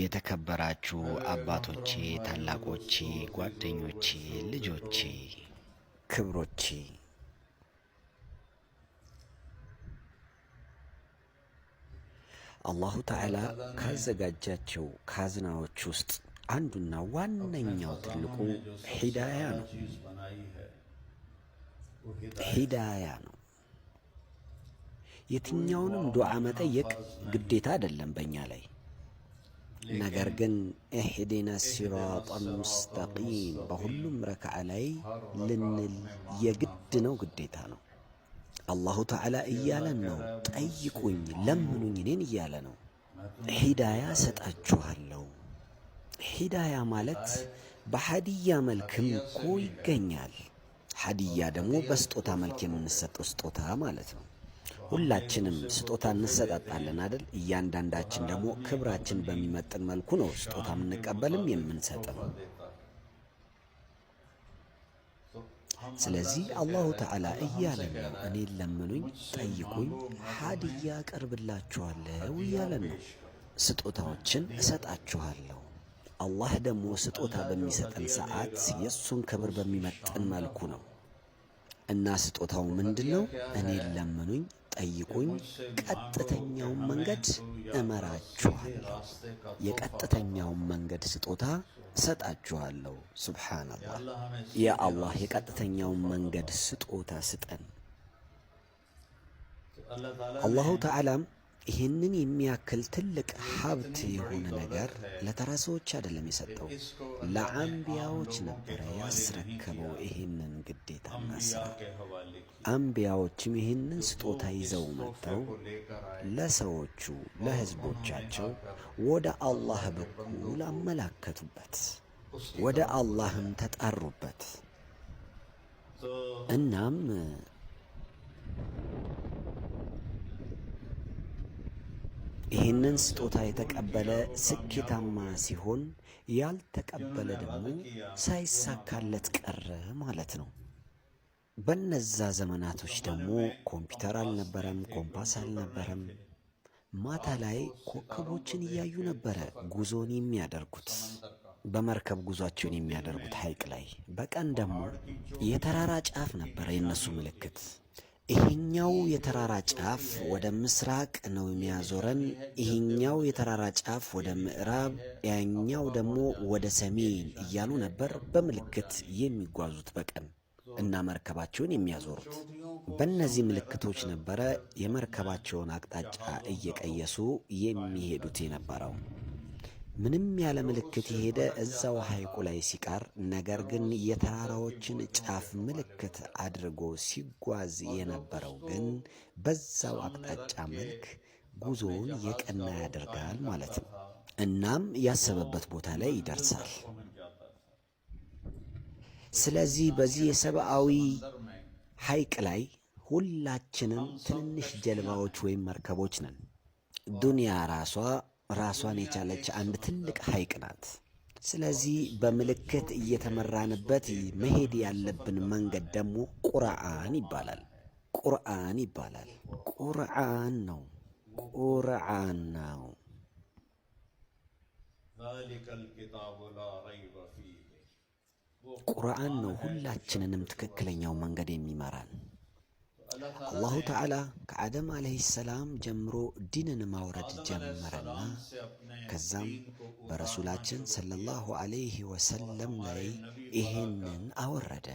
የተከበራችሁ አባቶቼ፣ ታላቆቼ፣ ጓደኞቼ፣ ልጆቼ፣ ክብሮቼ አላሁ ተዓላ ካዘጋጃቸው ካዝናዎች ውስጥ አንዱና ዋነኛው ትልቁ ሂዳያ ነው። ሂዳያ ነው። የትኛውንም ዱዓ መጠየቅ ግዴታ አይደለም በእኛ ላይ ነገር ግን እህድና ሲራጣ ሙስተቂም በሁሉም ረክዓ ላይ ልንል የግድ ነው፣ ግዴታ ነው። አላሁ ተዓላ እያለን ነው። ጠይቁኝ፣ ለምኑኝ እኔን እያለ ነው። ሂዳያ ሰጣችኋለሁ። ሂዳያ ማለት በሀዲያ መልክም እኮ ይገኛል። ሀዲያ ደግሞ በስጦታ መልክ የምንሰጠው ስጦታ ማለት ነው። ሁላችንም ስጦታ እንሰጣጣለን አይደል? እያንዳንዳችን ደግሞ ክብራችን በሚመጥን መልኩ ነው ስጦታ የምንቀበልም የምንሰጥም። ስለዚህ አላሁ ተዓላ እያለን ነው እኔ ለምኑኝ፣ ጠይቁኝ፣ ሀድ አቀርብላችኋለሁ እያለን ነው። ስጦታዎችን እሰጣችኋለሁ። አላህ ደግሞ ስጦታ በሚሰጠን ሰዓት የእሱን ክብር በሚመጥን መልኩ ነው እና ስጦታው ምንድን ነው? እኔን ለምኑኝ ጠይቁኝ፣ ቀጥተኛውን መንገድ እመራችኋለሁ፣ የቀጥተኛውን መንገድ ስጦታ እሰጣችኋለሁ። ሱብሓነላህ። ያ አላህ የቀጥተኛውን መንገድ ስጦታ ስጠን። አላሁ ተዓላም ይህንን የሚያክል ትልቅ ሀብት የሆነ ነገር ለተራ ሰዎች አይደለም የሰጠው፣ ለአንቢያዎች ነበረ ያስረከበው ይህንን ግዴታና ስራ። አንቢያዎችም ይህንን ስጦታ ይዘው መጥተው ለሰዎቹ ለህዝቦቻቸው ወደ አላህ በኩል አመላከቱበት፣ ወደ አላህም ተጣሩበት። እናም ይህንን ስጦታ የተቀበለ ስኬታማ ሲሆን ያልተቀበለ ደግሞ ሳይሳካለት ቀረ ማለት ነው። በነዛ ዘመናቶች ደግሞ ኮምፒውተር አልነበረም፣ ኮምፓስ አልነበረም። ማታ ላይ ኮከቦችን እያዩ ነበረ ጉዞን የሚያደርጉት በመርከብ ጉዟቸውን የሚያደርጉት ሐይቅ ላይ። በቀን ደግሞ የተራራ ጫፍ ነበረ የእነሱ ምልክት ይሄኛው የተራራ ጫፍ ወደ ምስራቅ ነው የሚያዞረን፣ ይሄኛው የተራራ ጫፍ ወደ ምዕራብ፣ ያኛው ደግሞ ወደ ሰሜን እያሉ ነበር በምልክት የሚጓዙት በቀን እና መርከባቸውን የሚያዞሩት። በእነዚህ ምልክቶች ነበረ የመርከባቸውን አቅጣጫ እየቀየሱ የሚሄዱት የነበረው። ምንም ያለ ምልክት የሄደ እዛው ሐይቁ ላይ ሲቀር፣ ነገር ግን የተራራዎችን ጫፍ ምልክት አድርጎ ሲጓዝ የነበረው ግን በዛው አቅጣጫ መልክ ጉዞውን የቀና ያደርጋል ማለት ነው። እናም ያሰበበት ቦታ ላይ ይደርሳል። ስለዚህ በዚህ የሰብአዊ ሐይቅ ላይ ሁላችንም ትንንሽ ጀልባዎች ወይም መርከቦች ነን። ዱንያ ራሷ ራሷን የቻለች አንድ ትልቅ ሐይቅ ናት። ስለዚህ በምልክት እየተመራንበት መሄድ ያለብን መንገድ ደግሞ ቁርአን ይባላል። ቁርአን ይባላል። ቁርአን ነው። ቁርአን ነው። ቁርአን ነው ሁላችንንም ትክክለኛው መንገድ የሚመራን አላሁ ተዓላ ከአደም ዓለይሂ ሰላም ጀምሮ ዲንን ማውረድ ጀመረና ከዛም በረሱላችን ሰለላሁ ዓለይሂ ወሰለም ላይ ይሄንን አወረደ።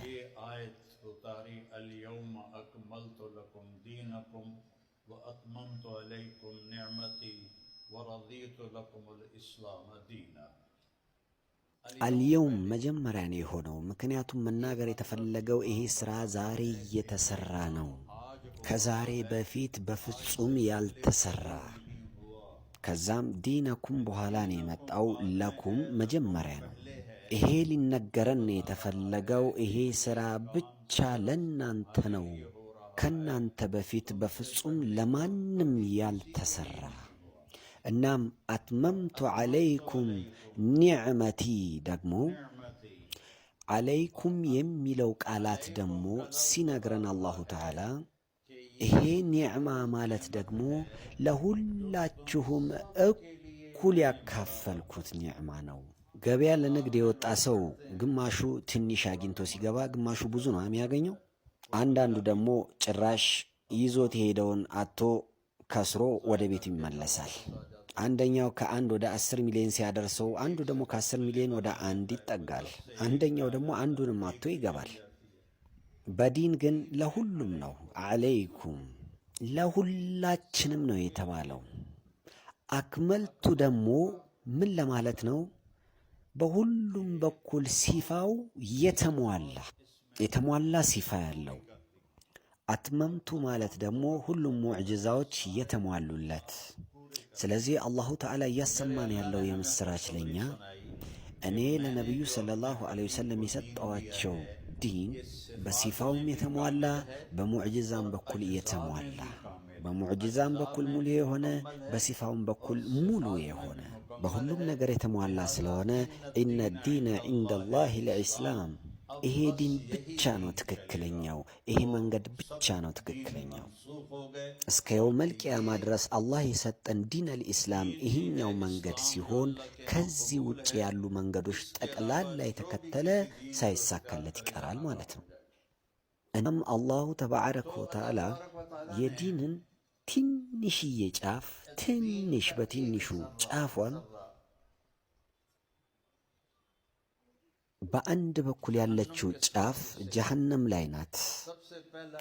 አልየውም መጀመሪያ ነው የሆነው። ምክንያቱም መናገር የተፈለገው ይሄ ስራ ዛሬ እየተሰራ ነው። ከዛሬ በፊት በፍጹም ያልተሰራ ከዛም ዲነኩም በኋላ ነው የመጣው። ለኩም መጀመሪያ ነው። ይሄ ሊነገረን የተፈለገው ይሄ ሥራ ብቻ ለእናንተ ነው፣ ከእናንተ በፊት በፍጹም ለማንም ያልተሰራ። እናም አትመምቱ ዐለይኩም ኒዕመቲ ደግሞ ዐለይኩም የሚለው ቃላት ደግሞ ሲነግረን አላሁ ተዓላ ይሄ ኒዕማ ማለት ደግሞ ለሁላችሁም እኩል ያካፈልኩት ኒዕማ ነው። ገበያ ለንግድ የወጣ ሰው ግማሹ ትንሽ አግኝቶ ሲገባ፣ ግማሹ ብዙ ነው የሚያገኘው። አንዳንዱ ደግሞ ጭራሽ ይዞት የሄደውን አቶ ከስሮ ወደ ቤቱ ይመለሳል። አንደኛው ከአንድ ወደ አስር ሚሊዮን ሲያደርሰው፣ አንዱ ደግሞ ከአስር ሚሊዮን ወደ አንድ ይጠጋል። አንደኛው ደግሞ አንዱንም አቶ ይገባል። በዲን ግን ለሁሉም ነው። አለይኩም ለሁላችንም ነው የተባለው። አክመልቱ ደግሞ ምን ለማለት ነው? በሁሉም በኩል ሲፋው የተሟላ የተሟላ ሲፋ ያለው። አትመምቱ ማለት ደግሞ ሁሉም ሙዕጅዛዎች የተሟሉለት። ስለዚህ አላሁ ተዓላ እያሰማን ያለው የምስራች ለኛ እኔ ለነቢዩ ሰለላሁ ዐለይሂ ወሰለም የሰጠዋቸው ዲን በሲፋውም የተሟላ በሙዕጅዛም በኩል የተሟላ በሙዕጅዛም በኩል ሙሉ የሆነ በሲፋውም በኩል ሙሉ የሆነ በሁሉም ነገር የተሟላ ስለሆነ ኢነ ዲነ ዒንደላሂ ልእስላም ይሄ ዲን ብቻ ነው ትክክለኛው፣ ይሄ መንገድ ብቻ ነው ትክክለኛው። እስከ የው ቂያማ ድረስ አላህ የሰጠን ዲን አልኢስላም ይህኛው መንገድ ሲሆን ከዚህ ውጭ ያሉ መንገዶች ጠቅላላ የተከተለ ሳይሳካለት ይቀራል ማለት ነው። እናም አላሁ ተባረከ ወተዓላ የዲንን ትንሽዬ ጫፍ ትንሽ በትንሹ ጫፏን በአንድ በኩል ያለችው ጫፍ ጀሀነም ላይ ናት።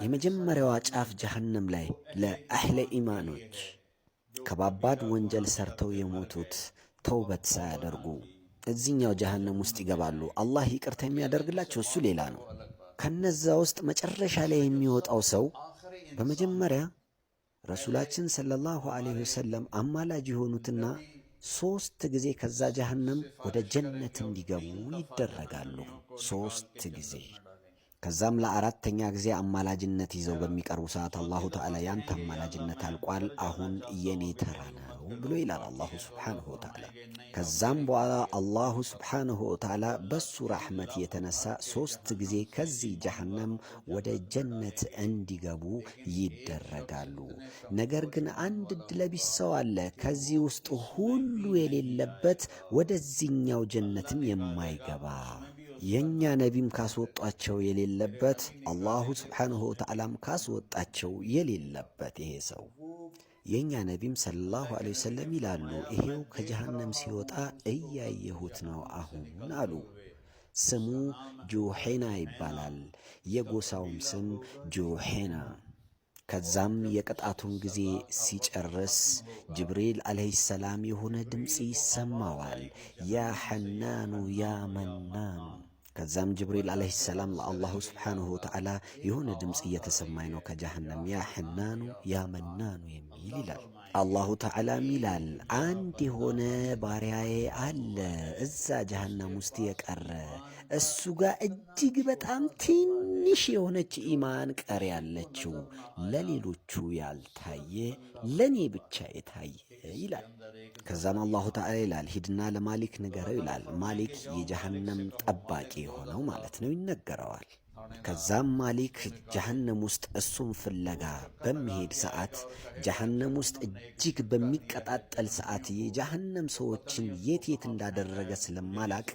የመጀመሪያዋ ጫፍ ጀሀነም ላይ ለአህለ ኢማኖች ከባባድ ወንጀል ሰርተው የሞቱት ተውበት ሳያደርጉ እዚኛው ጀሀነም ውስጥ ይገባሉ። አላህ ይቅርታ የሚያደርግላቸው እሱ ሌላ ነው። ከነዛ ውስጥ መጨረሻ ላይ የሚወጣው ሰው በመጀመሪያ ረሱላችን ሰለላሁ ዐለይሂ ወሰለም አማላጅ የሆኑትና ሶስት ጊዜ ከዛ ጀሃነም ወደ ጀነት እንዲገቡ ይደረጋሉ። ሶስት ጊዜ ከዛም ለአራተኛ ጊዜ አማላጅነት ይዘው በሚቀርቡ ሰዓት አላሁ ተዓላ ያንተ አማላጅነት አልቋል፣ አሁን የኔ ተራ ነው ብሎ ይላል አላሁ ስብሓንሁ ወተዓላ። ከዛም በኋላ አላሁ ስብሓንሁ ወተዓላ በሱ ራሕመት የተነሳ ሶስት ጊዜ ከዚህ ጀሃነም ወደ ጀነት እንዲገቡ ይደረጋሉ። ነገር ግን አንድ እድለቢስ ሰው አለ ከዚህ ውስጥ ሁሉ የሌለበት ወደዚህኛው ጀነትም የማይገባ የእኛ ነቢም ካስወጧቸው የሌለበት አላሁ ስብሓንሁ ወተዓላም ካስወጣቸው የሌለበት ይሄ ሰው የእኛ ነቢም ሰለላሁ ዐለይሂ ወሰለም ይላሉ፣ ይሄው ከጀሃነም ሲወጣ እያየሁት ነው አሁን አሉ። ስሙ ጆሄና ይባላል። የጎሳውም ስም ጆሄና። ከዛም የቅጣቱን ጊዜ ሲጨርስ ጅብሪል ዓለይሂ ሰላም የሆነ ድምፅ ይሰማዋል፣ ያ ሐናኑ ያ መናኑ ከዛም ጅብሪል ዓለይሂ ሰላም ለአላሁ ስብሓንሁ ወተዓላ የሆነ ድምፅ እየተሰማኝ ነው ከጀሃነም ያ ሕናኑ ያ መናኑ የሚል ይላል። አላሁ ተዓላም ይላል አንድ የሆነ ባሪያዬ አለ እዛ ጀሃነም ውስጥ የቀረ እሱ ጋር እጅግ በጣም ትንሽ የሆነች ኢማን ቀር ያለችው ለሌሎቹ ያልታየ ለእኔ ብቻ የታየ ይላል። ከዛም አላሁ ተዓላ ይላል ሂድና ለማሊክ ንገረው ይላል። ማሊክ የጀሃነም ጠባቂ የሆነው ማለት ነው ይነገረዋል። ከዛም ማሊክ ጀሃነም ውስጥ እሱን ፍለጋ በሚሄድ ሰዓት ጀሃነም ውስጥ እጅግ በሚቀጣጠል ሰዓት የጀሃነም ሰዎችን የት የት እንዳደረገ ስለማላቅ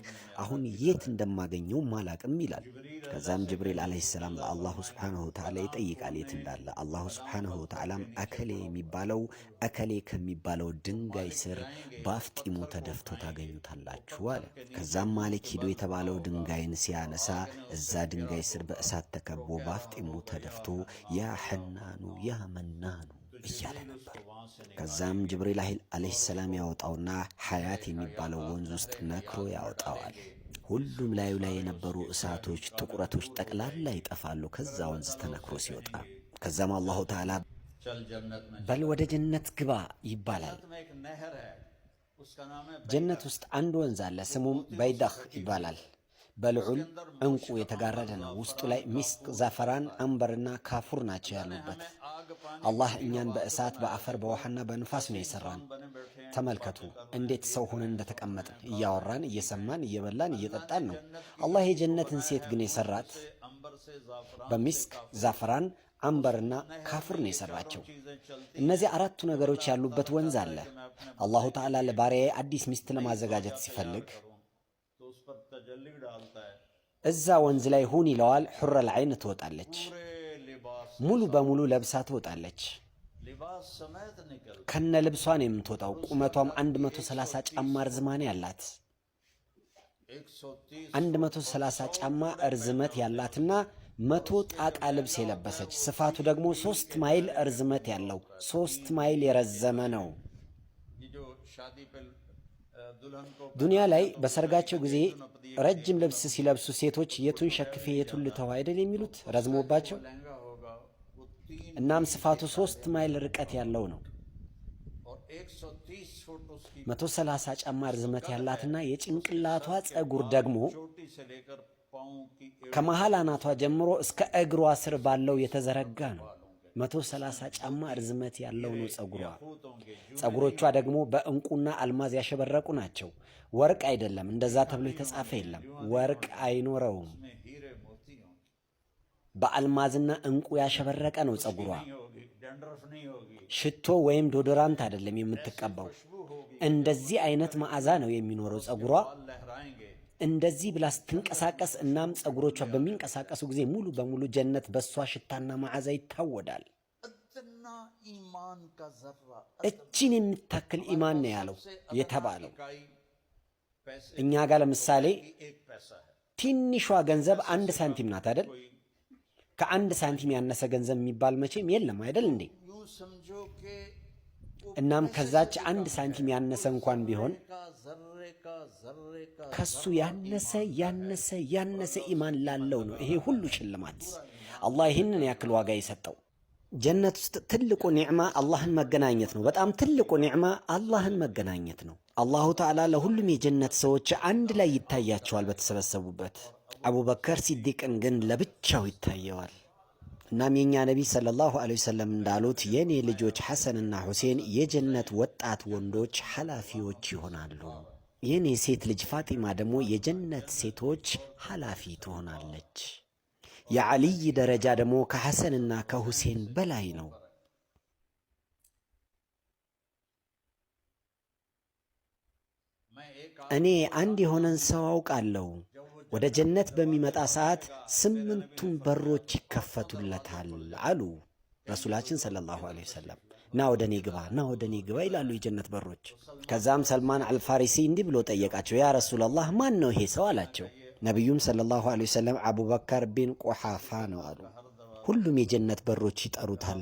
አሁን የት እንደማገኘው ማላቅም ይላል። ከዛም ጅብሪል አለይሂ ሰላም ለአላሁ ስብሓነሁ ወተዓላ ይጠይቃል የት እንዳለ። አላሁ ስብሓነሁ ወተዓላም አከሌ የሚባለው አከሌ ከሚባለው ድንጋይ ስር ባፍጢሙ ተደፍቶ ታገኙታላችሁ አለ። ከዛም ማሊክ ሂዶ የተባለው ድንጋይን ሲያነሳ እዛ ድንጋይ ስር በእሳት ተከቦ ባፍጢሙ ተደፍቶ ያ ሐናኑ ያ መናኑ እያለ ነበር። ከዛም ጅብሪል አለይሂ ሰላም ያወጣውና ሐያት የሚባለው ወንዝ ውስጥ ነክሮ ያወጣዋል። ሁሉም ላዩ ላይ የነበሩ እሳቶች፣ ጥቁረቶች ጠቅላላ ይጠፋሉ። ከዛ ወንዝ ተነክሮ ሲወጣ ከዛም አላሁ ተዓላ በል ወደ ጀነት ግባ ይባላል። ጀነት ውስጥ አንድ ወንዝ አለ። ስሙም በይዳህ ይባላል። በልዑል ዕንቁ የተጋረደ ነው። ውስጡ ላይ ሚስክ፣ ዘፈራን፣ አንበርና ካፉር ናቸው ያሉበት አላህ እኛን በእሳት በአፈር በውሃና በንፋስ ነው የሰራን። ተመልከቱ እንዴት ሰው ሆነን እንደተቀመጥን እያወራን እየሰማን እየበላን እየጠጣን ነው። አላህ የጀነትን ሴት ግን የሰራት በሚስክ ዛፈራን፣ አንበርና ካፍር ነው የሰራቸው። እነዚህ አራቱ ነገሮች ያሉበት ወንዝ አለ። አላሁ ተዓላ ለባሪያዬ አዲስ ሚስት ለማዘጋጀት ሲፈልግ እዛ ወንዝ ላይ ሁን ይለዋል። ሑረ ዐይን ትወጣለች። ሙሉ በሙሉ ለብሳ ትወጣለች። ከነ ልብሷን የምትወጣው ቁመቷም 130 ጫማ እርዝማኔ አላት። 130 ጫማ እርዝመት ያላትና መቶ ጣቃ ልብስ የለበሰች ስፋቱ ደግሞ ሶስት ማይል እርዝመት ያለው ሶስት ማይል የረዘመ ነው። ዱንያ ላይ በሰርጋቸው ጊዜ ረጅም ልብስ ሲለብሱ ሴቶች የቱን ሸክፌ የቱን ልተው አይደል የሚሉት ረዝሞባቸው እናም ስፋቱ ሶስት ማይል ርቀት ያለው ነው። 130 ጫማ ርዝመት ያላትና የጭንቅላቷ ፀጉር ደግሞ ከመሃል አናቷ ጀምሮ እስከ እግሯ ስር ባለው የተዘረጋ ነው። 130 ጫማ ርዝመት ያለው ነው ፀጉሯ። ፀጉሮቿ ደግሞ በእንቁና አልማዝ ያሸበረቁ ናቸው። ወርቅ አይደለም፣ እንደዛ ተብሎ የተጻፈ የለም። ወርቅ አይኖረውም። በአልማዝና እንቁ ያሸበረቀ ነው ፀጉሯ። ሽቶ ወይም ዶዶራንት አይደለም የምትቀባው። እንደዚህ አይነት መዓዛ ነው የሚኖረው ፀጉሯ። እንደዚህ ብላ ስትንቀሳቀስ እናም ፀጉሮቿ በሚንቀሳቀሱ ጊዜ ሙሉ በሙሉ ጀነት በእሷ ሽታና መዓዛ ይታወዳል። እችን የምታክል ኢማን ነው ያለው የተባለው። እኛ ጋር ለምሳሌ ትንሿ ገንዘብ አንድ ሳንቲም ናት አይደል? ከአንድ ሳንቲም ያነሰ ገንዘብ የሚባል መቼም የለም አይደል እንዴ? እናም ከዛች አንድ ሳንቲም ያነሰ እንኳን ቢሆን ከሱ ያነሰ ያነሰ ያነሰ ኢማን ላለው ነው ይሄ ሁሉ ሽልማት አላህ ይህንን ያክል ዋጋ የሰጠው። ጀነት ውስጥ ትልቁ ኒዕማ አላህን መገናኘት ነው። በጣም ትልቁ ኒዕማ አላህን መገናኘት ነው። አላሁ ተዓላ ለሁሉም የጀነት ሰዎች አንድ ላይ ይታያቸዋል በተሰበሰቡበት። አቡበከር ሲዲቅን ግን ለብቻው ይታየዋል። እናም የእኛ ነቢይ ሰለላሁ ዐለይሂ ወሰለም እንዳሉት የእኔ ልጆች ሐሰንና ሁሴን የጀነት ወጣት ወንዶች ኃላፊዎች ይሆናሉ። የእኔ ሴት ልጅ ፋጢማ ደግሞ የጀነት ሴቶች ኃላፊ ትሆናለች። የዓልይ ደረጃ ደግሞ ከሐሰንና ከሁሴን በላይ ነው። እኔ አንድ የሆነን ሰው አውቃለሁ። ወደ ጀነት በሚመጣ ሰዓት ስምንቱን በሮች ይከፈቱለታል አሉ ረሱላችን ሰለላሁ ዐለይሂ ወሰለም። ና ወደ እኔ ግባ፣ ና ወደ እኔ ግባ ይላሉ የጀነት በሮች። ከዛም ሰልማን አልፋሪሲ እንዲህ ብሎ ጠየቃቸው፣ ያ ረሱላላህ ማን ነው ይሄ ሰው አላቸው። ነቢዩም ሰለላሁ ዐለይሂ ወሰለም አቡበከር ቢን ቆሓፋ ነው አሉ። ሁሉም የጀነት በሮች ይጠሩታል።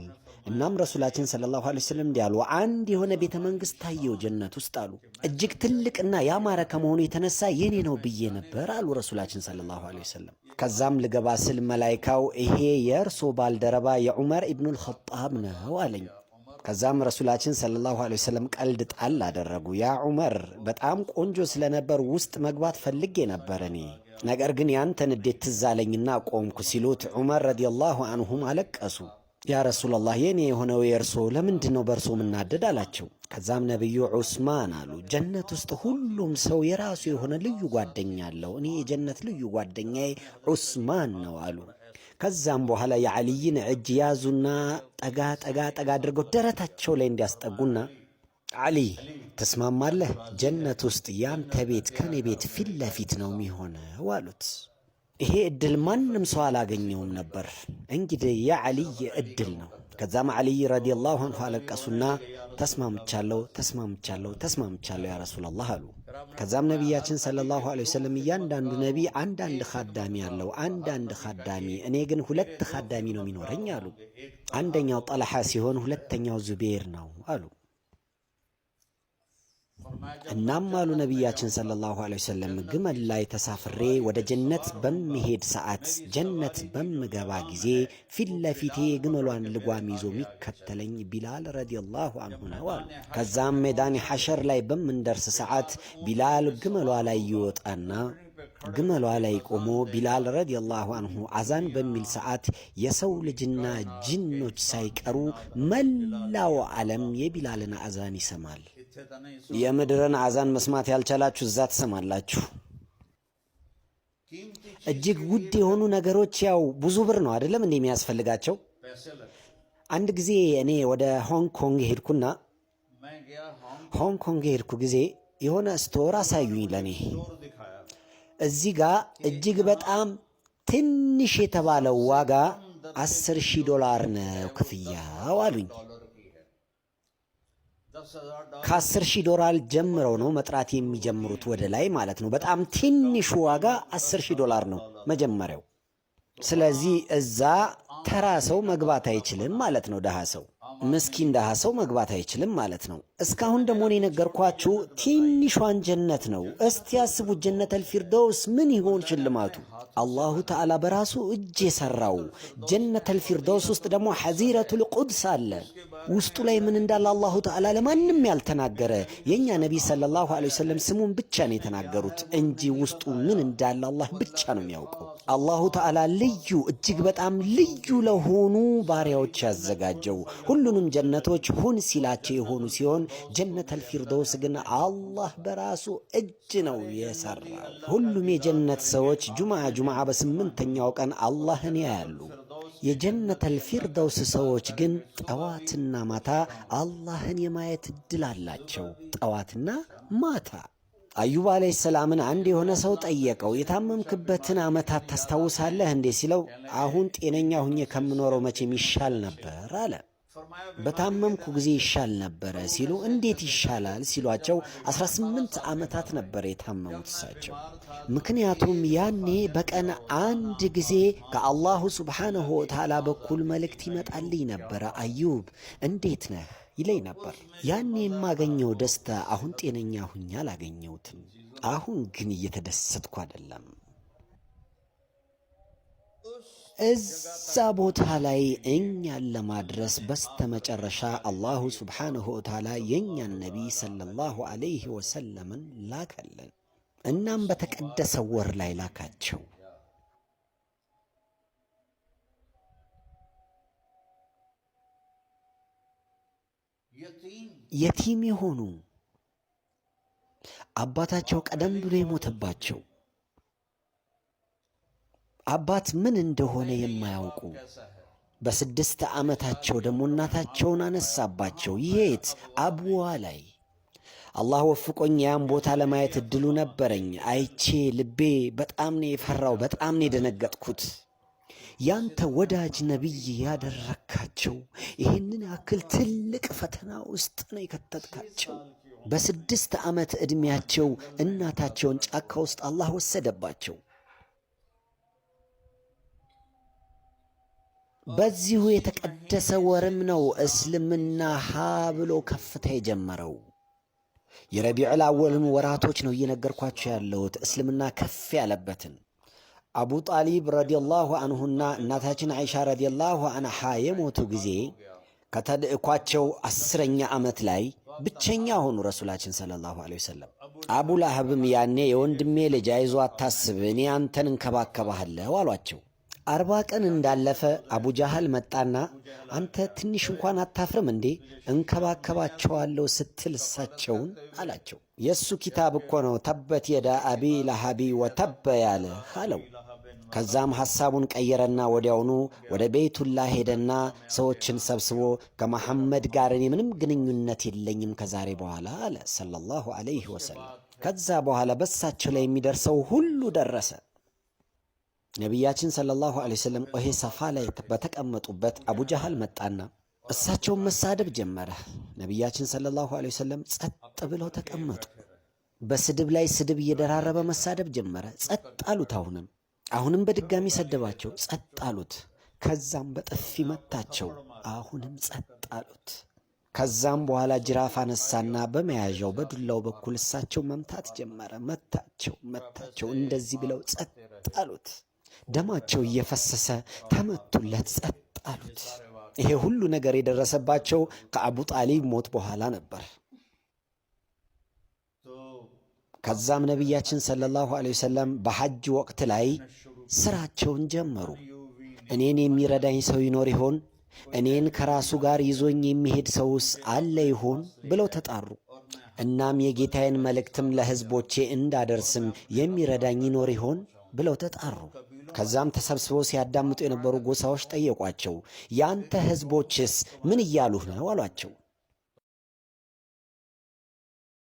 እናም ረሱላችን ሰለላሁ ዐለይሂ ወሰለም እንዲህ አሉ፣ አንድ የሆነ ቤተ መንግሥት ታየው ጀነት ውስጥ አሉ። እጅግ ትልቅና ያማረ ከመሆኑ የተነሳ የኔ ነው ብዬ ነበር አሉ ረሱላችን ሰለላሁ ዐለይሂ ወሰለም። ከዛም ልገባ ስል መላይካው ይሄ የእርሶ ባልደረባ የዑመር ኢብኑል ኸጣብ ነው አለኝ። ከዛም ረሱላችን ሰለላሁ ዐለይሂ ወሰለም ቀልድ ጣል አደረጉ። ያ ዑመር በጣም ቆንጆ ስለነበር ውስጥ መግባት ፈልጌ ነበር እኔ ነገር ግን ያንተ ንዴት ትዛለኝና ቆምኩ ሲሉት ዑመር ረዲየላሁ አንሁም አለቀሱ። ያ ረሱላላህ የኔ የሆነው የእርሶ ለምንድን ነው በእርሶ ምናደድ አላቸው። ከዛም ነቢዩ ዑስማን አሉ ጀነት ውስጥ ሁሉም ሰው የራሱ የሆነ ልዩ ጓደኛ አለው። እኔ የጀነት ልዩ ጓደኛዬ ዑስማን ነው አሉ። ከዛም በኋላ የዓልይን እጅ ያዙና ጠጋ ጠጋ ጠጋ አድርገው ደረታቸው ላይ እንዲያስጠጉና አሊ ትስማማለህ? ጀነት ውስጥ ያንተ ቤት ከኔ ቤት ፊት ለፊት ነው የሚሆነው አሉት። ይሄ እድል ማንም ሰው አላገኘውም ነበር። እንግዲህ የዓሊይ እድል ነው። ከዛም ዓሊይ ረዲየላሁ አንሁ አለቀሱና ተስማምቻለሁ፣ ተስማምቻለሁ፣ ተስማምቻለሁ ያ ረሱላላህ አሉ። ከዛም ነቢያችን ሰለላሁ ዐለይሂ ወሰለም እያንዳንዱ ነቢ አንዳንድ ኻዳሚ አለው፣ አንዳንድ ኻዳሚ፣ እኔ ግን ሁለት ኻዳሚ ነው የሚኖረኝ አሉ። አንደኛው ጠልሓ ሲሆን ሁለተኛው ዙቤር ነው አሉ። እናም አሉ ነቢያችን ሰለላሁ ዐለይሂ ወሰለም ግመል ላይ ተሳፍሬ ወደ ጀነት በምሄድ ሰዓት ጀነት በምገባ ጊዜ ፊት ለፊቴ ግመሏን ልጓም ይዞ የሚከተለኝ ቢላል ረዲየላሁ አንሁ ነው አሉ። ከዛም ሜዳን ሐሸር ላይ በምንደርስ ሰዓት ቢላል ግመሏ ላይ ይወጣና ግመሏ ላይ ቆሞ ቢላል ረዲየላሁ አንሁ አዛን በሚል ሰዓት የሰው ልጅና ጅኖች ሳይቀሩ መላው ዓለም የቢላልን አዛን ይሰማል። የምድርን አዛን መስማት ያልቻላችሁ እዛ ትሰማላችሁ። እጅግ ውድ የሆኑ ነገሮች ያው ብዙ ብር ነው አይደለም እንዴ የሚያስፈልጋቸው። አንድ ጊዜ እኔ ወደ ሆንግ ኮንግ ሄድኩና ሆንግ ኮንግ ሄድኩ ጊዜ የሆነ ስቶር አሳዩኝ። ለእኔ እዚህ ጋ እጅግ በጣም ትንሽ የተባለው ዋጋ አስር ሺህ ዶላር ነው ክፍያው አሉኝ። ከአስር ሺህ ዶላር ጀምረው ነው መጥራት የሚጀምሩት ወደ ላይ ማለት ነው። በጣም ትንሹ ዋጋ አስር ሺህ ዶላር ነው መጀመሪያው። ስለዚህ እዛ ተራ ሰው መግባት አይችልም ማለት ነው፣ ደሃ ሰው። ምስኪን ደሃ ሰው መግባት አይችልም ማለት ነው። እስካሁን ደግሞ እኔ የነገርኳችሁ ትንሿን ጀነት ነው። እስቲ ያስቡ፣ ጀነት ፊርደውስ ምን ይሆን ሽልማቱ? አላሁ ተዓላ በራሱ እጅ የሰራው ጀነት ፊርደውስ ውስጥ ደግሞ ሐዚረቱል ቁድስ አለ። ውስጡ ላይ ምን እንዳለ አላሁ ተዓላ ለማንም ያልተናገረ የእኛ ነቢይ ሰለላሁ ዐለይሂ ወሰለም ስሙን ብቻ ነው የተናገሩት እንጂ ውስጡ ምን እንዳለ አላህ ብቻ ነው የሚያውቀው። አላሁ ተዓላ ልዩ እጅግ በጣም ልዩ ለሆኑ ባሪያዎች ያዘጋጀው ሁሉ ሁሉንም ጀነቶች ሁን ሲላቸው የሆኑ ሲሆን ጀነተል ፊርደውስ ግን አላህ በራሱ እጅ ነው የሰራው። ሁሉም የጀነት ሰዎች ጁማ ጁማ በስምንተኛው ቀን አላህን ያያሉ። የጀነተል ፊርደውስ ሰዎች ግን ጠዋትና ማታ አላህን የማየት እድል አላቸው። ጠዋትና ማታ አዩብ አለይሂ ሰላምን አንድ የሆነ ሰው ጠየቀው። የታመምክበትን ዓመታት ታስታውሳለህ እንዴ ሲለው አሁን ጤነኛ ሁኜ ከምኖረው መቼም ይሻል ነበር አለ። በታመምኩ ጊዜ ይሻል ነበረ ሲሉ እንዴት ይሻላል ሲሏቸው 18 ዓመታት ነበረ የታመሙት እሳቸው። ምክንያቱም ያኔ በቀን አንድ ጊዜ ከአላሁ ሱብሓነሁ ወተዓላ በኩል መልእክት ይመጣልኝ ነበረ። አዩብ እንዴት ነህ ይለኝ ነበር። ያኔ የማገኘው ደስታ አሁን ጤነኛ ሁኛ አላገኘሁትም። አሁን ግን እየተደሰትኩ አይደለም። እዛ ቦታ ላይ እኛን ለማድረስ በስተመጨረሻ አላሁ ስብሓንሁ ወተዓላ የእኛን ነቢይ ሰለላሁ አለይህ ወሰለምን ላከልን። እናም በተቀደሰ ወር ላይ ላካቸው። የቲም የሆኑ አባታቸው ቀደም ብሎ የሞተባቸው አባት ምን እንደሆነ የማያውቁ በስድስት ዓመታቸው ደግሞ እናታቸውን አነሳባቸው። የት አብዋ ላይ። አላህ ወፍቆኝ ያን ቦታ ለማየት እድሉ ነበረኝ። አይቼ ልቤ በጣም ነው የፈራው፣ በጣም ነው የደነገጥኩት። ያንተ ወዳጅ ነቢይ ያደረካቸው ይህንን ያክል ትልቅ ፈተና ውስጥ ነው የከተትካቸው። በስድስት ዓመት ዕድሜያቸው እናታቸውን ጫካ ውስጥ አላህ ወሰደባቸው። በዚሁ የተቀደሰ ወርም ነው እስልምና ሀ ብሎ ከፍታ የጀመረው። የረቢዕል አወልን ወራቶች ነው እየነገርኳቸው ያለሁት እስልምና ከፍ ያለበትን። አቡ ጣሊብ ረዲየላሁ አንሁና እናታችን አይሻ ረዲየላሁ አንሃ የሞቱ ጊዜ ከተልእኳቸው አስረኛ ዓመት ላይ ብቸኛ ሆኑ ረሱላችን ሰለላሁ ዐለይሂ ወሰለም። አቡ ላህብም ያኔ የወንድሜ ልጅ አይዞ አታስብ፣ እኔ አንተን እንከባከባሃለሁ አሏቸው። አርባ ቀን እንዳለፈ አቡጃህል መጣና አንተ ትንሽ እንኳን አታፍርም እንዴ? እንከባከባቸዋለሁ ስትል እሳቸውን አላቸው። የእሱ ኪታብ እኮ ነው ተበት የዳ አቢ ለሃቢ ወተበ ያለ አለው። ከዛም ሐሳቡን ቀየረና ወዲያውኑ ወደ ቤቱላ ሄደና ሰዎችን ሰብስቦ ከመሐመድ ጋር እኔ ምንም ግንኙነት የለኝም ከዛሬ በኋላ አለ ሰለላሁ አለይህ ወሰለም። ከዛ በኋላ በሳቸው ላይ የሚደርሰው ሁሉ ደረሰ። ነቢያችን ሰለላሁ ዐለይሂ ወሰለም ቆሄ ሰፋ ላይ በተቀመጡበት አቡ መጣና እሳቸውን መሳደብ ጀመረ። ነቢያችን ሰለላሁ ዐለይሂ ወሰለም ጸጥ ብለው ተቀመጡ። በስድብ ላይ ስድብ እየደራረበ መሳደብ ጀመረ። ጸጥ አሉት። አሁንም አሁንም በድጋሚ ሰደባቸው። ጸጥ አሉት። ከዛም በጥፊ መታቸው። አሁንም ጸጥ አሉት። ከዛም በኋላ ጅራፍ አነሳና በመያዣው በዱላው በኩል እሳቸው መምታት ጀመረ። መታቸው መታቸው። እንደዚህ ብለው ጸጥ አሉት። ደማቸው እየፈሰሰ ተመቱለት፣ ጸጥ አሉት። ይሄ ሁሉ ነገር የደረሰባቸው ከአቡ ጣሊብ ሞት በኋላ ነበር። ከዛም ነቢያችን ሰለላሁ ዐለይሂ ወሰለም በሐጅ ወቅት ላይ ስራቸውን ጀመሩ። እኔን የሚረዳኝ ሰው ይኖር ይሆን? እኔን ከራሱ ጋር ይዞኝ የሚሄድ ሰውስ አለ ይሆን ብለው ተጣሩ። እናም የጌታዬን መልእክትም ለሕዝቦቼ እንዳደርስም የሚረዳኝ ይኖር ይሆን ብለው ተጣሩ። ከዛም ተሰብስበው ሲያዳምጡ የነበሩ ጎሳዎች ጠየቋቸው፣ ያንተ ህዝቦችስ ምን እያሉህ ነው አሏቸው።